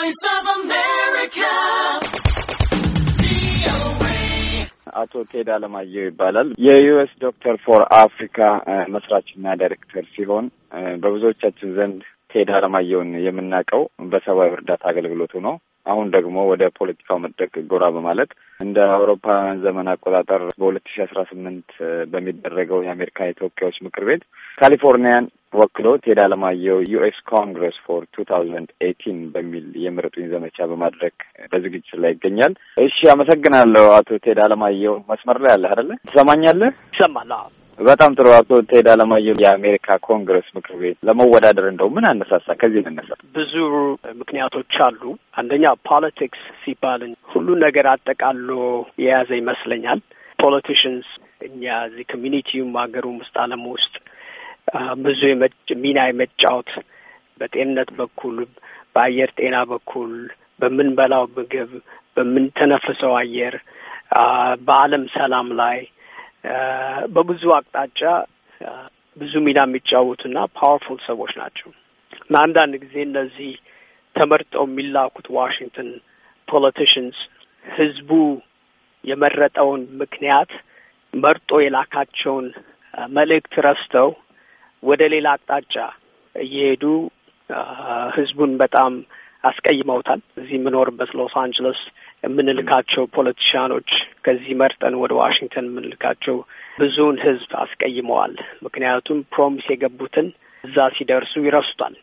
Voice of America. አቶ ቴድ አለማየሁ ይባላል። የዩኤስ ዶክተር ፎር አፍሪካ መስራችና ዳይሬክተር ሲሆን በብዙዎቻችን ዘንድ ቴድ አለማየሁን የምናውቀው በሰብአዊ እርዳታ አገልግሎቱ ነው። አሁን ደግሞ ወደ ፖለቲካው መድረክ ጎራ በማለት እንደ አውሮፓውያን ዘመን አቆጣጠር በሁለት ሺ አስራ ስምንት በሚደረገው የአሜሪካ የተወካዮች ምክር ቤት ካሊፎርኒያን ወክሎት ቴድ አለማየሁ ዩኤስ ኮንግረስ ፎር ቱ ታውዘንድ ኤይቲን በሚል የምረጡኝ ዘመቻ በማድረግ በዝግጅት ላይ ይገኛል። እሺ፣ አመሰግናለሁ አቶ ቴድ አለማየሁ። መስመር ላይ አለህ አደለ? ትሰማኛለህ? ይሰማል። በጣም ጥሩ። አቶ ቴድ አለማየሁ የአሜሪካ ኮንግረስ ምክር ቤት ለመወዳደር እንደው ምን አነሳሳ? ከዚህ መነሳ ብዙ ምክንያቶች አሉ። አንደኛ ፖለቲክስ ሲባል ሁሉ ነገር አጠቃሎ የያዘ ይመስለኛል። ፖለቲሽንስ እኛ እዚህ ኮሚኒቲውም ሀገሩም ውስጥ አለም ውስጥ ብዙ ሚና የመጫወት በጤንነት በኩል በአየር ጤና በኩል በምንበላው ምግብ በምንተነፍሰው አየር በዓለም ሰላም ላይ በብዙ አቅጣጫ ብዙ ሚና የሚጫወቱና ፓወርፉል ሰዎች ናቸው እና አንዳንድ ጊዜ እነዚህ ተመርጠው የሚላኩት ዋሽንግተን ፖለቲሽንስ ህዝቡ የመረጠውን ምክንያት መርጦ የላካቸውን መልእክት ረስተው ወደ ሌላ አቅጣጫ እየሄዱ ህዝቡን በጣም አስቀይመውታል። እዚህ የምኖርበት ሎስ አንጀለስ የምንልካቸው ፖለቲሽያኖች ከዚህ መርጠን ወደ ዋሽንግተን የምንልካቸው ብዙውን ህዝብ አስቀይመዋል። ምክንያቱም ፕሮሚስ የገቡትን እዛ ሲደርሱ ይረሱታል።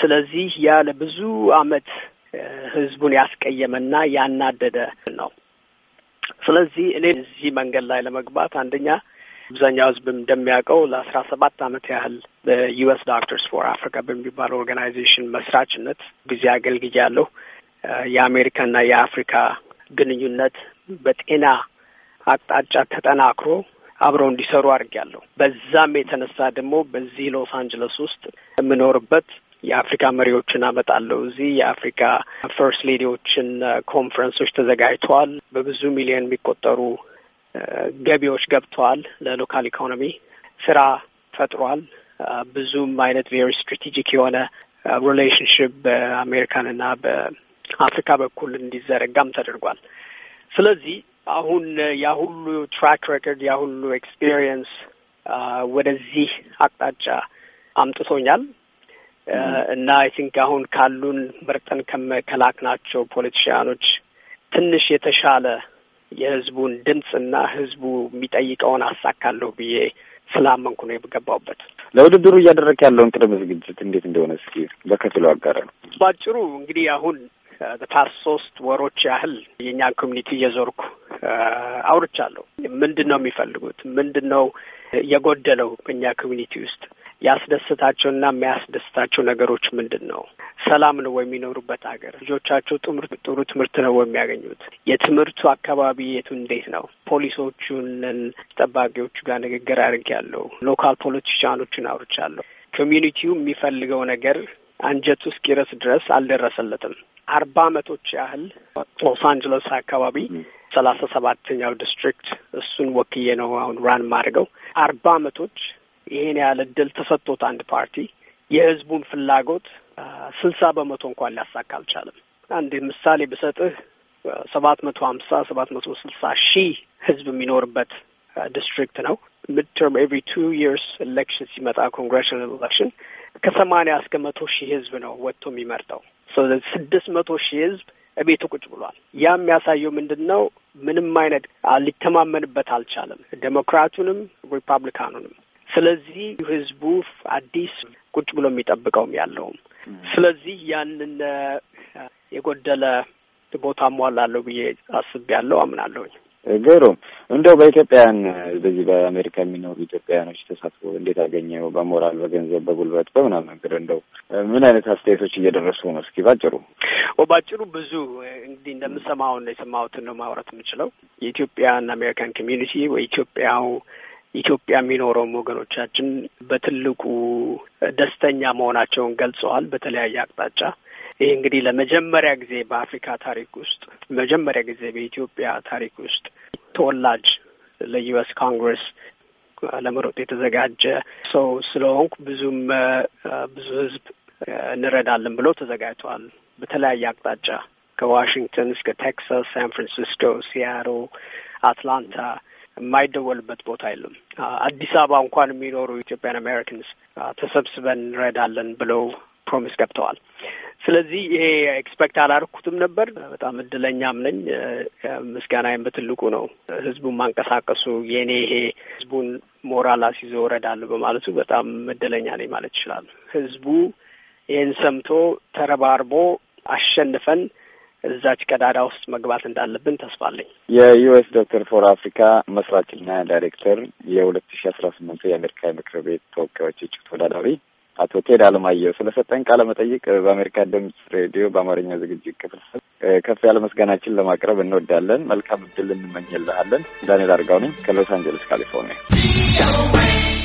ስለዚህ ያ ለብዙ አመት ህዝቡን ያስቀየመና ያናደደ ነው። ስለዚህ እኔ እዚህ መንገድ ላይ ለመግባት አንደኛ አብዛኛው ህዝብ እንደሚያውቀው ለአስራ ሰባት አመት ያህል በዩኤስ ዶክተርስ ፎር አፍሪካ በሚባል ኦርጋናይዜሽን መስራችነት ጊዜ አገልግያለሁ። የአሜሪካና የአፍሪካ ግንኙነት በጤና አቅጣጫ ተጠናክሮ አብረው እንዲሰሩ አድርጊያለሁ። በዛም የተነሳ ደግሞ በዚህ ሎስ አንጀለስ ውስጥ የምኖርበት የአፍሪካ መሪዎችን አመጣለሁ። እዚህ የአፍሪካ ፈርስት ሌዲዎችን ኮንፈረንሶች ተዘጋጅተዋል። በብዙ ሚሊዮን የሚቆጠሩ ገቢዎች ገብተዋል። ለሎካል ኢኮኖሚ ስራ ፈጥሯል። ብዙም አይነት ቬሪ ስትራቴጂክ የሆነ ሪሌሽንሽፕ በአሜሪካንና በአፍሪካ በኩል እንዲዘረጋም ተደርጓል። ስለዚህ አሁን ያሁሉ ትራክ ሬኮርድ ያሁሉ ኤክስፒሪየንስ ወደዚህ አቅጣጫ አምጥቶኛል እና አይ ቲንክ አሁን ካሉን መርጠን ከመከላክ ናቸው ፖለቲሽያኖች ትንሽ የተሻለ የህዝቡን ድምፅና ህዝቡ የሚጠይቀውን አሳካለሁ ብዬ ስላመንኩ ነው የምገባውበት። ለውድድሩ እያደረግ ያለውን ቅድመ ዝግጅት እንዴት እንደሆነ እስኪ በከፊሉ ነው። ባጭሩ እንግዲህ አሁን በፓስት ሶስት ወሮች ያህል የእኛን ኮሚኒቲ እየዞርኩ አውርቻለሁ። ምንድን ነው የሚፈልጉት? ምንድን ነው የጎደለው በእኛ ኮሚኒቲ ውስጥ ያስደስታቸውና የሚያስደስታቸው ነገሮች ምንድን ነው? ሰላም ነው የሚኖሩበት ሀገር፣ ልጆቻቸው ጥሩ ትምህርት ነው የሚያገኙት፣ የትምህርቱ አካባቢ የቱ እንዴት ነው? ፖሊሶቹን ጠባቂዎቹ ጋር ንግግር አድርጌያለሁ። ሎካል ፖለቲሻኖቹን አውርቻለሁ። ኮሚኒቲው የሚፈልገው ነገር አንጀቱ እስኪረስ ድረስ አልደረሰለትም። አርባ አመቶች ያህል ሎስ አንጀለስ አካባቢ ሰላሳ ሰባተኛው ዲስትሪክት እሱን ወክዬ ነው አሁን ራን ማድርገው አርባ አመቶች ይሄን ያህል እድል ተሰጥቶት አንድ ፓርቲ የህዝቡን ፍላጎት ስልሳ በመቶ እንኳን ሊያሳካ አልቻለም። አንድ ምሳሌ ብሰጥህ ሰባት መቶ ሀምሳ ሰባት መቶ ስልሳ ሺህ ህዝብ የሚኖርበት ዲስትሪክት ነው። ሚድተርም ኤቭሪ ቱ ይርስ ኤሌክሽን ሲመጣ ኮንግሬሽናል ኤሌክሽን ከሰማንያ እስከ መቶ ሺህ ህዝብ ነው ወጥቶ የሚመርጠው። ስድስት መቶ ሺህ ህዝብ እቤቱ ቁጭ ብሏል። ያ የሚያሳየው ምንድን ነው? ምንም አይነት ሊተማመንበት አልቻለም። ዴሞክራቱንም ሪፐብሊካኑንም ስለዚህ ህዝቡ አዲስ ቁጭ ብሎ የሚጠብቀውም ያለውም ስለዚህ ያንን የጎደለ ቦታ ሟላለሁ ብዬ አስቤያለሁ፣ አምናለሁኝ። ግሩም እንደው በኢትዮጵያውያን በዚህ በአሜሪካ የሚኖሩ ኢትዮጵያውያኖች ተሳትፎ እንዴት አገኘው? በሞራል በገንዘብ በጉልበት በምናምን ነገር እንደው ምን አይነት አስተያየቶች እየደረሱ ነው? እስኪ ባጭሩ ባጭሩ ብዙ እንግዲህ እንደምሰማውን የሰማሁትን ነው ማውራት የምችለው። የኢትዮጵያን አሜሪካን ኮሚዩኒቲ ወይ ኢትዮጵያው ኢትዮጵያ የሚኖረውም ወገኖቻችን በትልቁ ደስተኛ መሆናቸውን ገልጸዋል በተለያየ አቅጣጫ። ይህ እንግዲህ ለመጀመሪያ ጊዜ በአፍሪካ ታሪክ ውስጥ መጀመሪያ ጊዜ በኢትዮጵያ ታሪክ ውስጥ ተወላጅ ለዩኤስ ኮንግረስ ለመሮጥ የተዘጋጀ ሰው ስለሆንኩ ብዙም ብዙ ህዝብ እንረዳለን ብለው ተዘጋጅተዋል በተለያየ አቅጣጫ ከዋሽንግተን እስከ ቴክሳስ፣ ሳን ፍራንሲስኮ፣ ሲያሮ፣ አትላንታ የማይደወልበት ቦታ የለም። አዲስ አበባ እንኳን የሚኖሩ ኢትዮጵያን አሜሪካንስ ተሰብስበን እንረዳለን ብለው ፕሮሚስ ገብተዋል። ስለዚህ ይሄ ኤክስፐክት አላደርኩትም ነበር። በጣም እድለኛም ነኝ። ምስጋናዬም በትልቁ ነው። ህዝቡን ማንቀሳቀሱ የኔ ይሄ ህዝቡን ሞራል አስይዞ እረዳለሁ በማለቱ በጣም እድለኛ ነኝ ማለት ይችላል። ህዝቡ ይህን ሰምቶ ተረባርቦ አሸንፈን እዛች ቀዳዳ ውስጥ መግባት እንዳለብን ተስፋ አለኝ። የዩኤስ ዶክተር ፎር አፍሪካ መስራችና ዳይሬክተር የሁለት ሺ አስራ ስምንቱ የአሜሪካ ምክር ቤት ተወካዮች እጩ ተወዳዳሪ አቶ ቴድ አለማየሁ ስለሰጠን ቃለ መጠይቅ በአሜሪካ ድምጽ ሬዲዮ በአማርኛ ዝግጅት ክፍል ከፍ ያለ ምስጋናችን ለማቅረብ እንወዳለን። መልካም እድል እንመኝልሃለን። ዳንኤል አርጋው ነኝ ከሎስ አንጀለስ ካሊፎርኒያ።